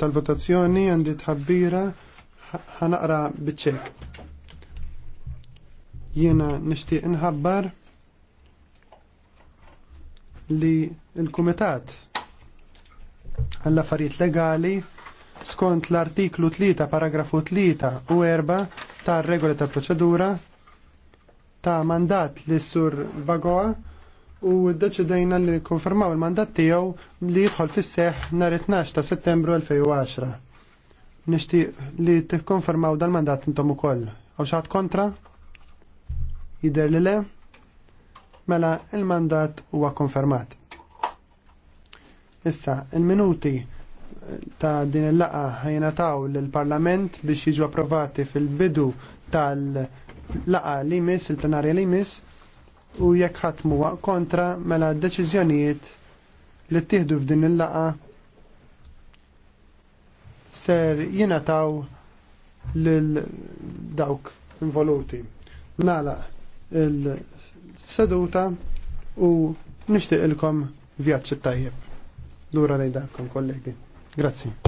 tal-votazzjoni għandi tħabbira ħanaqra biċċek. Jiena nixtieq inħabbar li l-Kumitat għall-affarijiet legali skont l-artiklu 3 paragrafu 3 u 4 tar regoli ta' proċedura ta' mandat li sur Bagoa u ddeċidejna li konfermaw il-mandat tiegħu li jidħol fis-seħ nhar 12 ta' Settembru 2010. Nixtieq li tikkonfermaw dal-mandat intom ukoll. Aw xaħat kontra? Jider li le? Mela il-mandat huwa konfermat. Issa, il-minuti ta' din il-laqa taw l-Parlament biex jiġu approvati fil-bidu tal-laqa li mis, il-plenarja li mis, u jekk ħatmu kontra mela d deċiżjonijiet li ttieħdu f'din il-laqa ser jingħataw lil dawk involuti. Nala il-seduta u nixtieq ilkom vjaġġ tajjeb. Lura lejn kollegi. Grazzi.